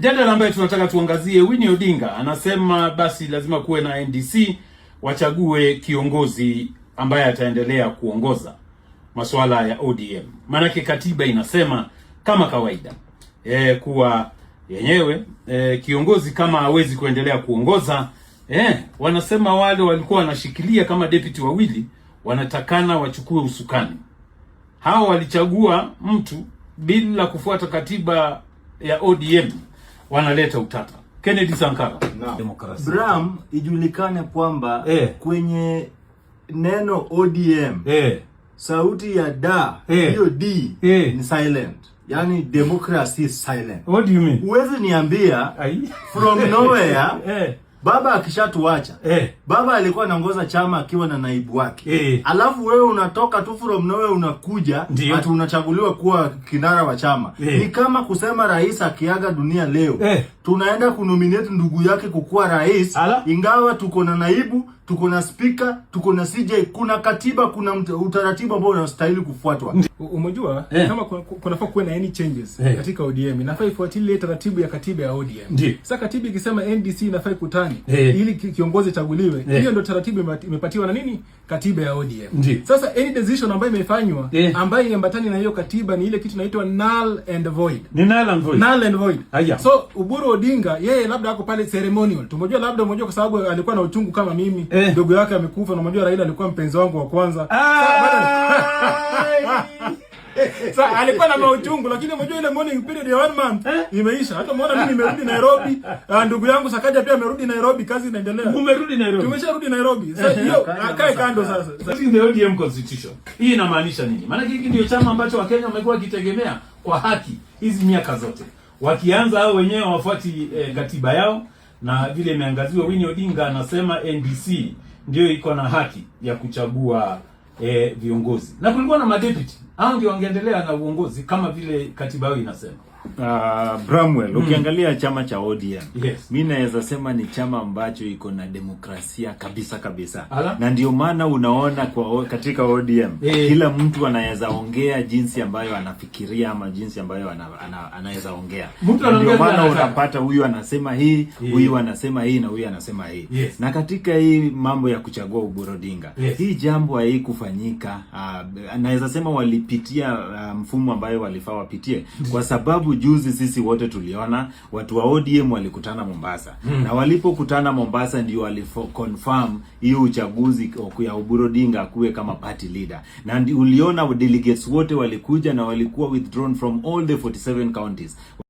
Mjadala ambaye tunataka tuangazie, Winnie Odinga anasema basi lazima kuwe na NDC wachague kiongozi ambaye ataendelea kuongoza masuala ya ODM. Maanake katiba inasema kama kawaida e, kuwa yenyewe e, kiongozi kama hawezi kuendelea kuongoza e, wanasema wale walikuwa wanashikilia kama deputy wawili wanatakana wachukue usukani. Hao walichagua mtu bila kufuata katiba ya ODM wanaleta utata. Kennedy Sankara, demokrasia. Bram, ijulikane kwamba eh, kwenye neno ODM eh, sauti ya da eh. hiyo eh, d eh, ni silent Yani, democracy is silent. What do you mean? Huwezi niambia from nowhere eh. Baba akishatuacha eh, baba alikuwa anaongoza chama akiwa na naibu wake eh. Alafu wewe unatoka tu from nowhere unakuja hata unachaguliwa kuwa kinara wa chama eh. Ni kama kusema rais akiaga dunia leo eh tunaenda kunominate ndugu yake kukuwa rais Ala? Ingawa tuko na naibu, tuko na spika, tuko na CJ, kuna katiba, kuna utaratibu ambao unastahili kufuatwa. Umejua yeah. Kama kunafaa kuwe na any changes yeah. Katika ODM inafaa ifuatilie taratibu ya katiba ya ODM yeah. Sasa katiba ikisema NDC inafaa kutani yeah. Ili kiongozi chaguliwe eh. hiyo yeah. Ndio taratibu imepatiwa na nini katiba ya ODM yeah. Sasa any decision ambayo imefanywa yeah. Ambayo iambatani na hiyo katiba ni ile kitu inaitwa null and void, ni null and void, null and void. Aya. So uburu Odinga yeye labda ako pale ceremonial. Tumejua labda mmoja kwa sababu alikuwa na uchungu kama mimi. Eh. Ndugu eh, yake amekufa na mmoja Raila alikuwa mpenzi wangu wa kwanza. Sa, alikuwa na mauchungu lakini unajua ile morning period ya one month eh? imeisha. Hata umeona mimi nimerudi Nairobi, ah, ndugu yangu Sakaja pia amerudi Nairobi, kazi inaendelea. Umerudi Nairobi. Tumesharudi Nairobi. Sasa eh, hiyo akae kando sasa. Sasa ndio ODM constitution. Hii inamaanisha nini? Maana hiki ndio chama ambacho Wakenya wamekuwa kitegemea kwa haki hizi miaka zote wakianza hao wenyewe wafuati e, katiba yao, na vile imeangaziwa, Winnie Odinga anasema NDC ndio iko na haki ya kuchagua e, viongozi, na kulikuwa na madeputy, hao ndio wangeendelea na uongozi kama vile katiba yao inasema uh, Bramwell, hmm. ukiangalia chama cha ODM yes. Mi naweza sema ni chama ambacho iko na demokrasia kabisa kabisa Ala. Na ndio maana unaona kwa katika ODM e. Eh. Kila mtu anaweza ongea jinsi ambayo anafikiria ama jinsi ambayo ana, ana, anaweza ongea, ndio maana unapata huyu anasema hii e. Huyu anasema hii na huyu anasema hii yes. Na katika hii mambo ya kuchagua uburodinga yes. Hii jambo kufanyika uh, naweza sema walipitia uh, mfumo ambayo walifaa wapitie kwa sababu sababu juzi sisi wote tuliona watu wa ODM walikutana Mombasa hmm. na walipokutana Mombasa ndio waliconfirm hiyo uchaguzi ya Oburu Odinga akuwe kama party leader, na uliona delegates wote walikuja na walikuwa withdrawn from all the 47 counties.